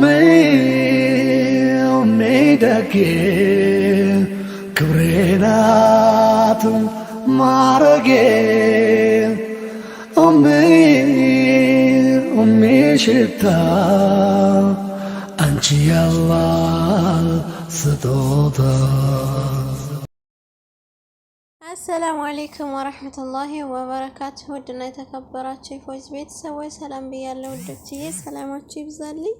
ሜሜደጌ ክብሬናት ማረጌ ሽታ አንቺ ያላል ስጦታ። አሰላሙ አሌይኩም ወረህመቱላሂ ወበረካቱሁ። ውድና የተከበራቸው የፎዝ ቤተሰቦች ሰላም ብያለሁ። ውዶችዬ ሰላማችሁ ይብዛልኝ።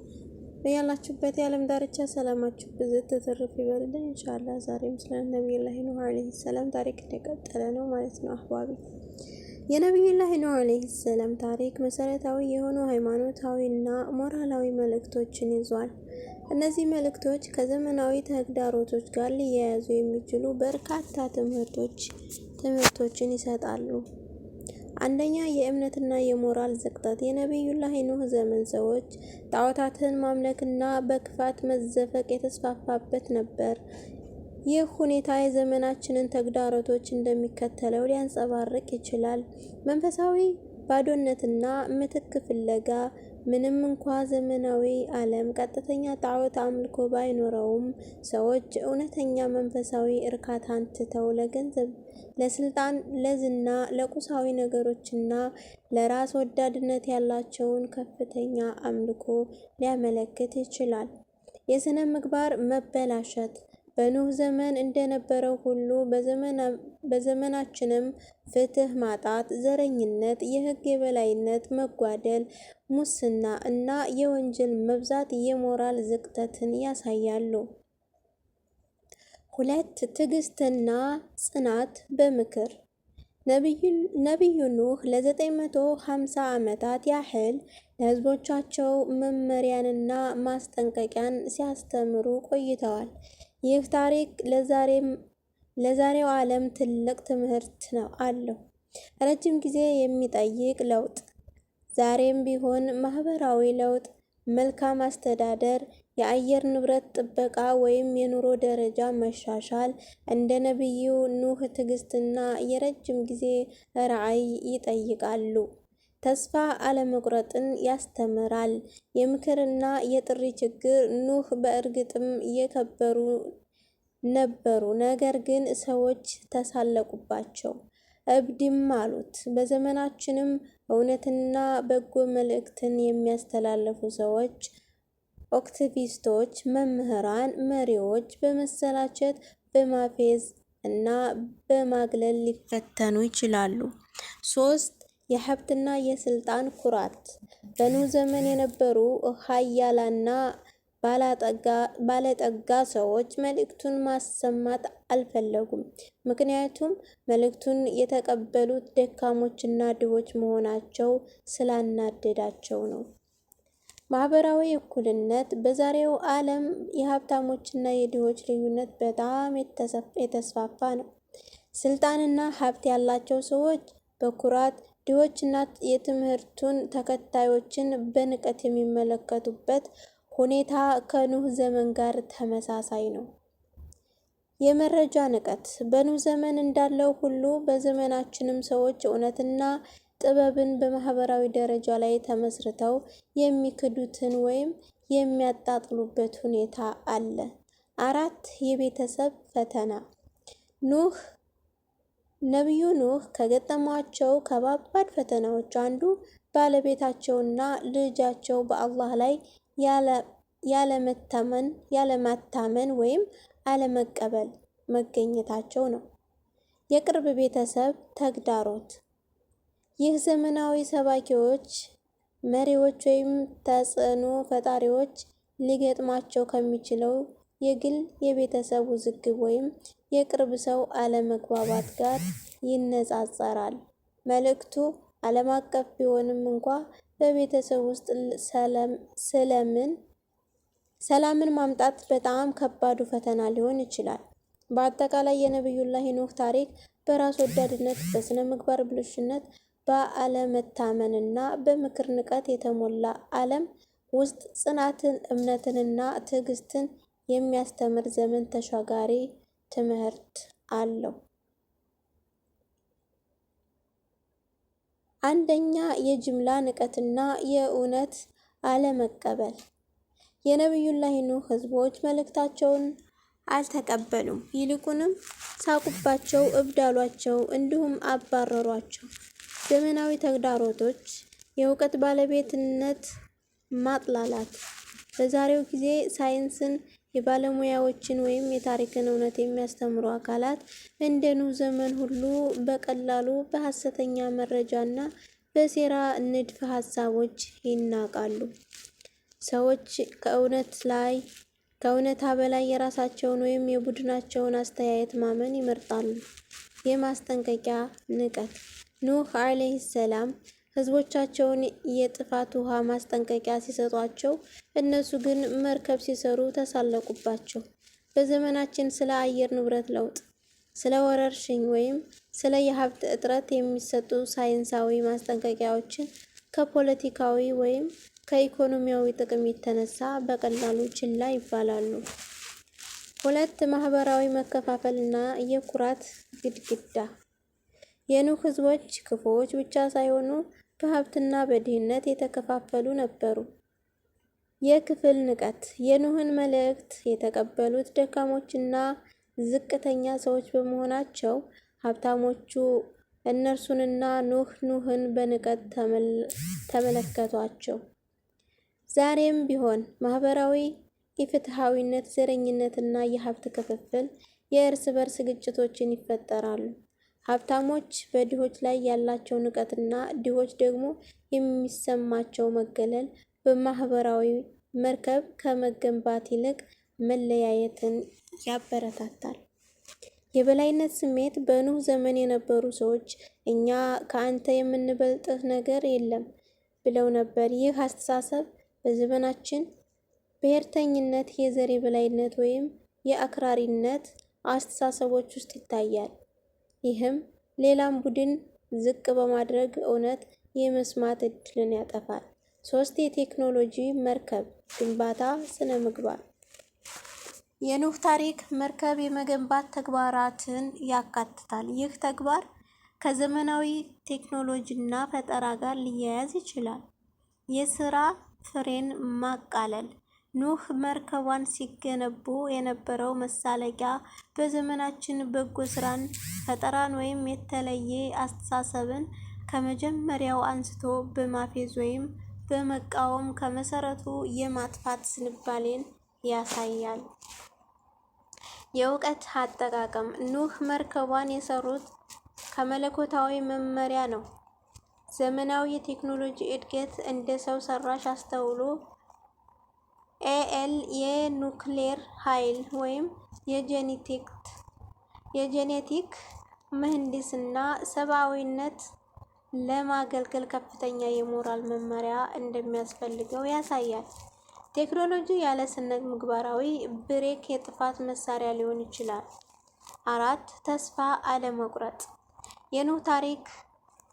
በያላችሁበት የዓለም ዳርቻ ሰላማችሁ ብዝት ትርፍ ይበልልን። እንሻላ ዛሬም ስለ ነብዩላህ ኑህ አለይሂ ሰላም ታሪክ እንደቀጠለ ነው ማለት ነው። አህባቢ የነብዩላህ ኑህ አለይሂ ሰላም ታሪክ መሰረታዊ የሆኑ ሃይማኖታዊ ሃይማኖታዊና ሞራላዊ መልእክቶችን ይዟል። እነዚህ መልእክቶች ከዘመናዊ ተግዳሮቶች ጋር ሊያያዙ የሚችሉ በርካታ ትምህርቶች ትምህርቶችን ይሰጣሉ። አንደኛ የእምነትና የሞራል ዝቅጠት። የነቢዩላህ ኑህ ዘመን ሰዎች ጣዖታትን ማምለክና በክፋት መዘፈቅ የተስፋፋበት ነበር። ይህ ሁኔታ የዘመናችንን ተግዳሮቶች እንደሚከተለው ሊያንጸባርቅ ይችላል። መንፈሳዊ ባዶነትና ምትክ ፍለጋ። ምንም እንኳ ዘመናዊ ዓለም ቀጥተኛ ጣዖት አምልኮ ባይኖረውም ሰዎች እውነተኛ መንፈሳዊ እርካታን ትተው ለገንዘብ ለስልጣን፣ ለዝና፣ ለቁሳዊ ነገሮችና ለራስ ወዳድነት ያላቸውን ከፍተኛ አምልኮ ሊያመለክት ይችላል። የሥነ ምግባር መበላሸት በኑህ ዘመን እንደነበረው ሁሉ በዘመናችንም ፍትህ ማጣት፣ ዘረኝነት፣ የህግ የበላይነት መጓደል፣ ሙስና እና የወንጀል መብዛት የሞራል ዝቅተትን ያሳያሉ። ሁለት ትዕግስትና ጽናት በምክር ነቢዩ ኑህ ለ950 ዓመታት ያህል ለሕዝቦቻቸው መመሪያንና ማስጠንቀቂያን ሲያስተምሩ ቆይተዋል። ይህ ታሪክ ለዛሬው ዓለም ትልቅ ትምህርት ነው አለው። ረጅም ጊዜ የሚጠይቅ ለውጥ፣ ዛሬም ቢሆን ማህበራዊ ለውጥ፣ መልካም አስተዳደር፣ የአየር ንብረት ጥበቃ ወይም የኑሮ ደረጃ መሻሻል እንደ ነቢዩ ኑህ ትዕግስትና የረጅም ጊዜ ራዕይ ይጠይቃሉ። ተስፋ አለመቁረጥን ያስተምራል። የምክርና የጥሪ ችግር ኑህ በእርግጥም የከበሩ ነበሩ፣ ነገር ግን ሰዎች ተሳለቁባቸው፣ እብድም አሉት። በዘመናችንም እውነትና በጎ መልእክትን የሚያስተላልፉ ሰዎች ኦክቲቪስቶች፣ መምህራን፣ መሪዎች በመሰላቸት በማፌዝ እና በማግለል ሊፈተኑ ይችላሉ። ሶስት የሀብትና የስልጣን ኩራት በኑ ዘመን የነበሩ ሀያላና ባለጠጋ ሰዎች መልእክቱን ማሰማት አልፈለጉም። ምክንያቱም መልእክቱን የተቀበሉት ደካሞችና ድሆች መሆናቸው ስላናደዳቸው ነው። ማህበራዊ እኩልነት በዛሬው ዓለም የሀብታሞችና የድሆች ልዩነት በጣም የተስፋፋ ነው። ስልጣንና ሀብት ያላቸው ሰዎች በኩራት፣ ድሆችና የትምህርቱን ተከታዮችን በንቀት የሚመለከቱበት ሁኔታ ከኑህ ዘመን ጋር ተመሳሳይ ነው። የመረጃ ንቀት በኑህ ዘመን እንዳለው ሁሉ በዘመናችንም ሰዎች እውነትና ጥበብን በማህበራዊ ደረጃ ላይ ተመስርተው የሚክዱትን ወይም የሚያጣጥሉበት ሁኔታ አለ። አራት የቤተሰብ ፈተና ኑህ ነቢዩ ኑህ ከገጠሟቸው ከባባድ ፈተናዎች አንዱ ባለቤታቸውና ልጃቸው በአላህ ላይ ያለመታመን ያለማታመን ወይም አለመቀበል መገኘታቸው ነው። የቅርብ ቤተሰብ ተግዳሮት ይህ ዘመናዊ ሰባኪዎች፣ መሪዎች ወይም ተጽዕኖ ፈጣሪዎች ሊገጥማቸው ከሚችለው የግል፣ የቤተሰብ ውዝግብ ወይም የቅርብ ሰው አለመግባባት ጋር ይነጻጸራል። መልእክቱ ዓለም አቀፍ ቢሆንም እንኳ በቤተሰብ ውስጥ ሰላምን ማምጣት በጣም ከባዱ ፈተና ሊሆን ይችላል። በአጠቃላይ የነቢዩላህ ሄኖክ ታሪክ በራስ ወዳድነት፣ በሥነ ምግባር ብልሹነት፣ በአለመታመንና በምክር ንቀት የተሞላ ዓለም ውስጥ ጽናትን፣ እምነትንና ትዕግስትን የሚያስተምር ዘመን ተሻጋሪ ትምህርት አለው። አንደኛ የጅምላ ንቀትና የእውነት አለመቀበል። የነብዩ ኑህ ህዝቦች መልእክታቸውን አልተቀበሉም፤ ይልቁንም ሳቁባቸው፣ እብዳሏቸው እንዲሁም አባረሯቸው። ዘመናዊ ተግዳሮቶች የእውቀት ባለቤትነት ማጥላላት በዛሬው ጊዜ ሳይንስን የባለሙያዎችን ወይም የታሪክን እውነት የሚያስተምሩ አካላት እንደ ዘመን ሁሉ በቀላሉ በሐሰተኛ መረጃና በሴራ ንድፈ ሀሳቦች ይናቃሉ። ሰዎች ከእውነት ላይ ከእውነታ በላይ የራሳቸውን ወይም የቡድናቸውን አስተያየት ማመን ይመርጣሉ። የማስጠንቀቂያ ንቀት ኑህ ዓለይሂ ሰላም ህዝቦቻቸውን የጥፋት ውሃ ማስጠንቀቂያ ሲሰጧቸው፣ እነሱ ግን መርከብ ሲሰሩ ተሳለቁባቸው። በዘመናችን ስለ አየር ንብረት ለውጥ፣ ስለ ወረርሽኝ ወይም ስለ የሀብት እጥረት የሚሰጡ ሳይንሳዊ ማስጠንቀቂያዎችን ከፖለቲካዊ ወይም ከኢኮኖሚያዊ ጥቅም የተነሳ በቀላሉ ችላ ይባላሉ። ሁለት ማህበራዊ መከፋፈል እና የኩራት ግድግዳ። የኑህ ህዝቦች ክፉዎች ብቻ ሳይሆኑ በሀብትና በድህነት የተከፋፈሉ ነበሩ። የክፍል ንቀት። የኑህን መልእክት የተቀበሉት ደካሞችና ዝቅተኛ ሰዎች በመሆናቸው ሀብታሞቹ እነርሱንና ኑህ ኑህን በንቀት ተመለከቷቸው። ዛሬም ቢሆን ማህበራዊ የፍትሐዊነት፣ ዘረኝነትና የሀብት ክፍፍል የእርስ በርስ ግጭቶችን ይፈጠራሉ። ሀብታሞች በድሆች ላይ ያላቸው ንቀትና ድሆች ደግሞ የሚሰማቸው መገለል በማህበራዊ መርከብ ከመገንባት ይልቅ መለያየትን ያበረታታል። የበላይነት ስሜት በኑህ ዘመን የነበሩ ሰዎች እኛ ከአንተ የምንበልጥህ ነገር የለም ብለው ነበር። ይህ አስተሳሰብ በዘመናችን ብሔርተኝነት የዘር የበላይነት ወይም የአክራሪነት አስተሳሰቦች ውስጥ ይታያል። ይህም ሌላም ቡድን ዝቅ በማድረግ እውነት የመስማት እድልን ያጠፋል። ሶስት የቴክኖሎጂ መርከብ ግንባታ ስነ ምግባር የኑህ ታሪክ መርከብ የመገንባት ተግባራትን ያካትታል። ይህ ተግባር ከዘመናዊ ቴክኖሎጂና ፈጠራ ጋር ሊያያዝ ይችላል። የስራ ፍሬን ማቃለል ኑህ መርከቧን ሲገነቡ የነበረው መሳለቂያ በዘመናችን በጎ ስራን፣ ፈጠራን ወይም የተለየ አስተሳሰብን ከመጀመሪያው አንስቶ በማፌዝ ወይም በመቃወም ከመሰረቱ የማጥፋት ዝንባሌን ያሳያል። የእውቀት አጠቃቀም ኑህ መርከቧን የሰሩት ከመለኮታዊ መመሪያ ነው። ዘመናዊ የቴክኖሎጂ እድገት እንደ ሰው ሰራሽ አስተውሎ ኤኤል የኑክሌር ኃይል ወይም የጄኔቲክ ምህንድስና ሰብአዊነት ለማገልገል ከፍተኛ የሞራል መመሪያ እንደሚያስፈልገው ያሳያል። ቴክኖሎጂ ያለ ስነ ምግባራዊ ብሬክ የጥፋት መሳሪያ ሊሆን ይችላል። አራት ተስፋ አለመቁረጥ የኑህ ታሪክ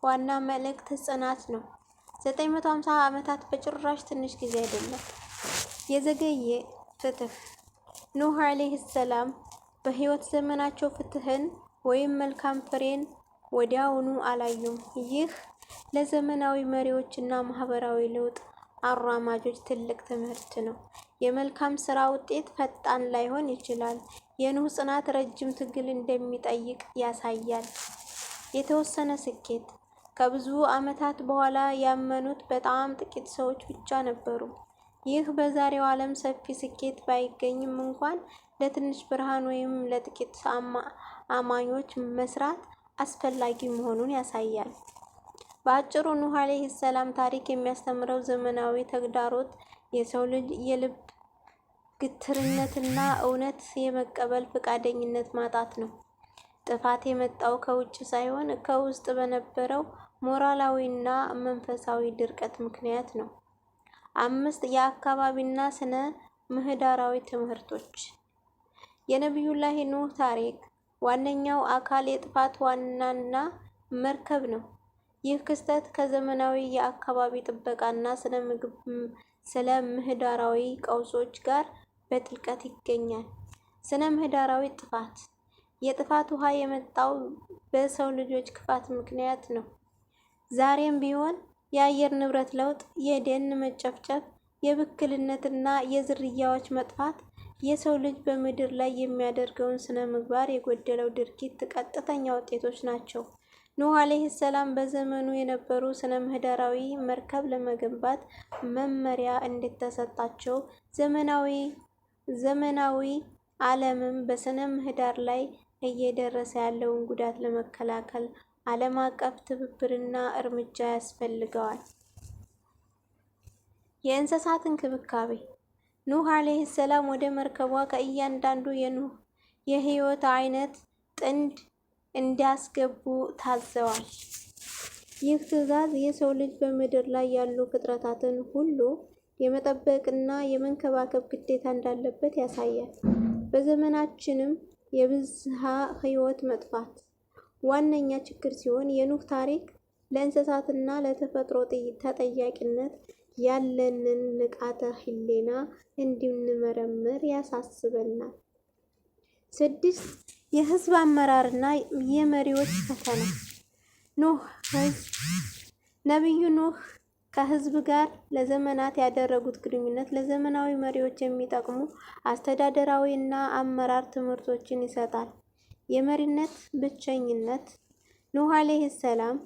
ዋና መልእክት ጽናት ነው። 950 ዓመታት በጭራሽ ትንሽ ጊዜ አይደለም። የዘገየ ፍትህ ኑህ ዓለይሂ ሰላም በሕይወት ዘመናቸው ፍትህን ወይም መልካም ፍሬን ወዲያውኑ አላዩም። ይህ ለዘመናዊ መሪዎችና ማህበራዊ ለውጥ አራማጆች ትልቅ ትምህርት ነው። የመልካም ስራ ውጤት ፈጣን ላይሆን ይችላል። የኑህ ጽናት ረጅም ትግል እንደሚጠይቅ ያሳያል። የተወሰነ ስኬት ከብዙ ዓመታት በኋላ ያመኑት በጣም ጥቂት ሰዎች ብቻ ነበሩ። ይህ በዛሬው ዓለም ሰፊ ስኬት ባይገኝም እንኳን ለትንሽ ብርሃን ወይም ለጥቂት አማኞች መስራት አስፈላጊ መሆኑን ያሳያል። በአጭሩ ኑህ ዓለይሂ ሰላም ታሪክ የሚያስተምረው ዘመናዊ ተግዳሮት የሰው ልጅ የልብ ግትርነትና እውነት የመቀበል ፈቃደኝነት ማጣት ነው። ጥፋት የመጣው ከውጭ ሳይሆን ከውስጥ በነበረው ሞራላዊና መንፈሳዊ ድርቀት ምክንያት ነው። አምስት የአካባቢና ስነ ምህዳራዊ ትምህርቶች የነቢዩላህ ኑህ ታሪክ ዋነኛው አካል የጥፋት ዋናና መርከብ ነው። ይህ ክስተት ከዘመናዊ የአካባቢ ጥበቃና ምግብ ስለ ምህዳራዊ ቀውሶች ጋር በጥልቀት ይገኛል። ስነ ምህዳራዊ ጥፋት የጥፋት ውሃ የመጣው በሰው ልጆች ክፋት ምክንያት ነው። ዛሬም ቢሆን የአየር ንብረት ለውጥ፣ የደን መጨፍጨፍ፣ የብክልነትና የዝርያዎች መጥፋት የሰው ልጅ በምድር ላይ የሚያደርገውን ስነ ምግባር የጎደለው ድርጊት ቀጥተኛ ውጤቶች ናቸው። ኑህ ዓለይሂ ሰላም በዘመኑ የነበሩ ስነ ምህዳራዊ መርከብ ለመገንባት መመሪያ እንደተሰጣቸው፣ ዘመናዊ ዘመናዊ ዓለምም በስነ ምህዳር ላይ እየደረሰ ያለውን ጉዳት ለመከላከል ዓለም አቀፍ ትብብርና እርምጃ ያስፈልገዋል። የእንስሳት እንክብካቤ ኑህ ዓለይሂ ሰላም ወደ መርከቧ ከእያንዳንዱ የኑህ የህይወት አይነት ጥንድ እንዲያስገቡ ታዘዋል። ይህ ትዕዛዝ የሰው ልጅ በምድር ላይ ያሉ ፍጥረታትን ሁሉ የመጠበቅና የመንከባከብ ግዴታ እንዳለበት ያሳያል። በዘመናችንም የብዝሃ ህይወት መጥፋት ዋነኛ ችግር ሲሆን የኑህ ታሪክ ለእንስሳትና ለተፈጥሮ ተጠያቂነት ያለንን ንቃተ ህሊና እንድንመረምር ያሳስበናል። ስድስት የህዝብ አመራርና የመሪዎች ፈተና ኖህ ህዝብ ነቢዩ ኖህ ከህዝብ ጋር ለዘመናት ያደረጉት ግንኙነት ለዘመናዊ መሪዎች የሚጠቅሙ አስተዳደራዊ እና አመራር ትምህርቶችን ይሰጣል። የመሪነት ብቸኝነት ኑህ ዓለይሂ ሰላም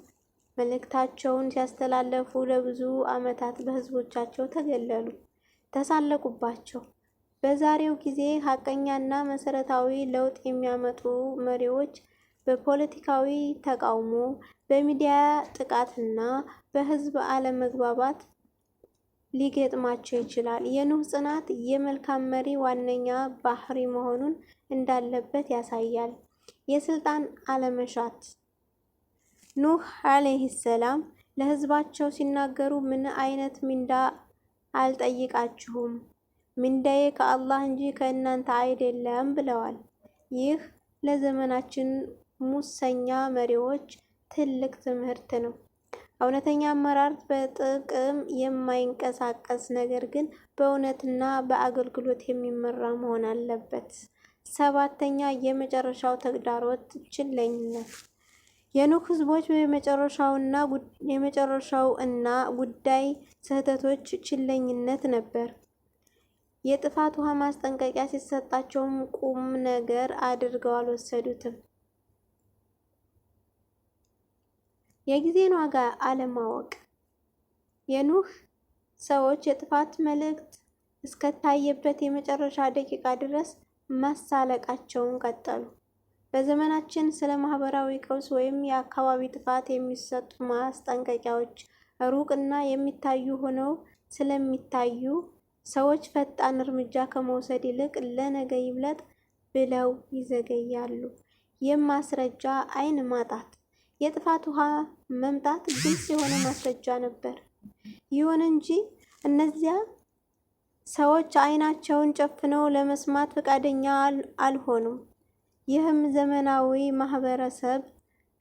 መልእክታቸውን ሲያስተላለፉ ለብዙ ዓመታት በህዝቦቻቸው ተገለሉ፣ ተሳለቁባቸው። በዛሬው ጊዜ ሀቀኛና መሰረታዊ ለውጥ የሚያመጡ መሪዎች በፖለቲካዊ ተቃውሞ፣ በሚዲያ ጥቃትና በህዝብ አለመግባባት ሊገጥማቸው ይችላል። የኑህ ጽናት የመልካም መሪ ዋነኛ ባህሪ መሆኑን እንዳለበት ያሳያል። የስልጣን አለመሻት ኑህ ዓለይሂ ሰላም ለህዝባቸው ሲናገሩ ምን አይነት ሚንዳ አልጠይቃችሁም፣ ሚንዳዬ ከአላህ እንጂ ከእናንተ አይደለም ብለዋል። ይህ ለዘመናችን ሙሰኛ መሪዎች ትልቅ ትምህርት ነው። እውነተኛ አመራር በጥቅም የማይንቀሳቀስ ነገር ግን በእውነትና በአገልግሎት የሚመራ መሆን አለበት። ሰባተኛ የመጨረሻው ተግዳሮት ችለኝነት የኑክ ህዝቦች የመጨረሻው እና ጉዳይ ስህተቶች ችለኝነት ነበር። የጥፋት ውሃ ማስጠንቀቂያ ሲሰጣቸውም ቁም ነገር አድርገው አልወሰዱትም። የጊዜን ዋጋ አለማወቅ የኑህ ሰዎች የጥፋት መልእክት እስከታየበት የመጨረሻ ደቂቃ ድረስ መሳለቃቸውን ቀጠሉ። በዘመናችን ስለ ማህበራዊ ቀውስ ወይም የአካባቢ ጥፋት የሚሰጡ ማስጠንቀቂያዎች ሩቅ እና የሚታዩ ሆነው ስለሚታዩ ሰዎች ፈጣን እርምጃ ከመውሰድ ይልቅ ለነገ ይብለጥ ብለው ይዘገያሉ። የማስረጃ አይን ማጣት የጥፋት ውሃ መምጣት ግልጽ የሆነ ማስረጃ ነበር። ይሁን እንጂ እነዚያ ሰዎች አይናቸውን ጨፍነው ለመስማት ፈቃደኛ አልሆኑም። ይህም ዘመናዊ ማህበረሰብ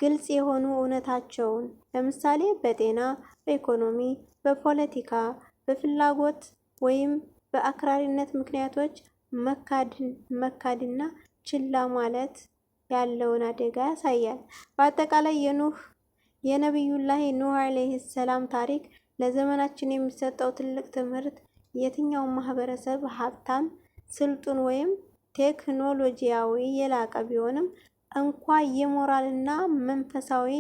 ግልጽ የሆኑ እውነታቸውን ለምሳሌ በጤና፣ በኢኮኖሚ፣ በፖለቲካ፣ በፍላጎት ወይም በአክራሪነት ምክንያቶች መካድና ችላ ማለት ያለውን አደጋ ያሳያል። በአጠቃላይ የኑህ የነቢዩላህ ኑህ ሰላም ታሪክ ለዘመናችን የሚሰጠው ትልቅ ትምህርት የትኛውም ማህበረሰብ ሀብታም፣ ስልጡን ወይም ቴክኖሎጂያዊ የላቀ ቢሆንም እንኳ የሞራልና መንፈሳዊ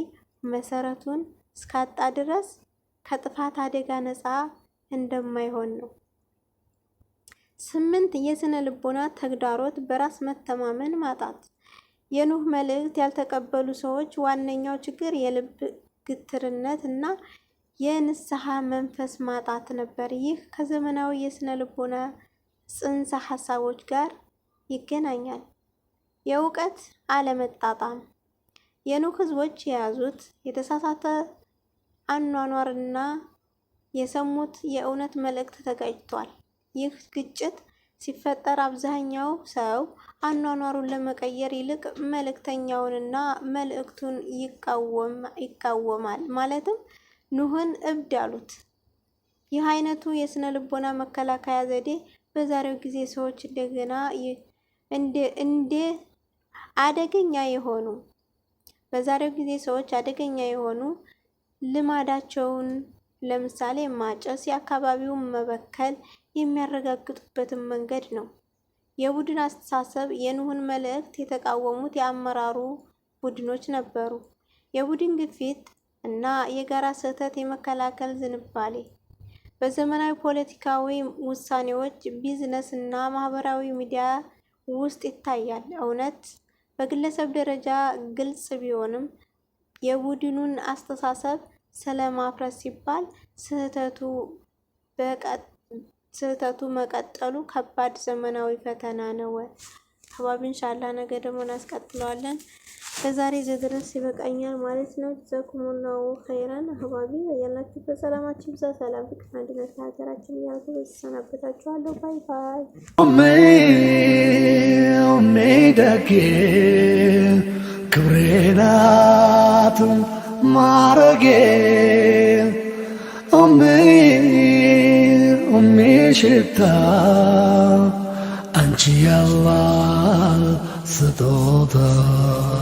መሰረቱን እስካጣ ድረስ ከጥፋት አደጋ ነፃ እንደማይሆን ነው። ስምንት የስነ ልቦና ተግዳሮት በራስ መተማመን ማጣት። የኑህ መልእክት ያልተቀበሉ ሰዎች ዋነኛው ችግር የልብ ግትርነት እና የንስሐ መንፈስ ማጣት ነበር። ይህ ከዘመናዊ የስነ ልቦና ጽንሰ ሀሳቦች ጋር ይገናኛል። የእውቀት አለመጣጣም የኑክ ህዝቦች የያዙት የተሳሳተ አኗኗርና የሰሙት የእውነት መልእክት ተጋጭቷል። ይህ ግጭት ሲፈጠር አብዛኛው ሰው አኗኗሩን ለመቀየር ይልቅ መልእክተኛውንና መልእክቱን ይቃወማል ማለትም ኑህን እብድ አሉት። ይህ አይነቱ የስነ ልቦና መከላከያ ዘዴ በዛሬው ጊዜ ሰዎች እንደገና እንደ አደገኛ የሆኑ በዛሬው ጊዜ ሰዎች አደገኛ የሆኑ ልማዳቸውን ለምሳሌ ማጨስ የአካባቢውን መበከል የሚያረጋግጡበትን መንገድ ነው። የቡድን አስተሳሰብ የኑህን መልእክት የተቃወሙት የአመራሩ ቡድኖች ነበሩ። የቡድን ግፊት እና የጋራ ስህተት የመከላከል ዝንባሌ በዘመናዊ ፖለቲካዊ ውሳኔዎች፣ ቢዝነስ እና ማህበራዊ ሚዲያ ውስጥ ይታያል። እውነት በግለሰብ ደረጃ ግልጽ ቢሆንም የቡድኑን አስተሳሰብ ስለማፍረስ ሲባል ስህተቱ መቀጠሉ ከባድ ዘመናዊ ፈተና ነው። አባቢ እንሻላ ነገ ደግሞ እናስቀጥለዋለን። በዛሬ ዘድረስ ይበቃኛል ማለት ነው። ጀዛኩሙላሁ ኸይረን አህባቢ ያላችሁበት በሰላማችሁ ብዛ። ሰላም ፍቅር፣ አንድነት ለሀገራችን እያልኩ እሰናበታችኋለሁ። ባይ ባይ። ሜ ደጌ ማረጌ ሜ ሽታ አንቺ ያላ 是多得。